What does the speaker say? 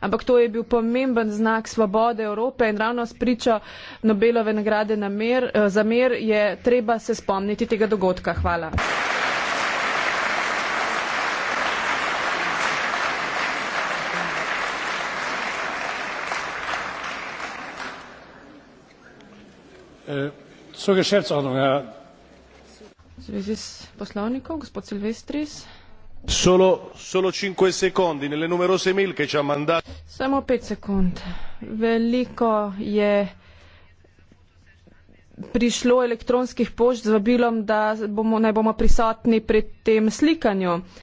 Ampak to je bil pomemben znak svobode Evrope in ravno s pričo Nobelove nagrade mer, eh, za mer je treba se spomniti tega dogodka. Hvala. Eh, no, ja. Zvezi s poslovnikom, gospod Silvestris solo 5 sekundi nelle numerose mail che ci ha mandato. Samo 5 sekund. Veliko je prišlo elektronskih pošt z vabilom, da bomo, naj bomo prisotni pri tem slikanju.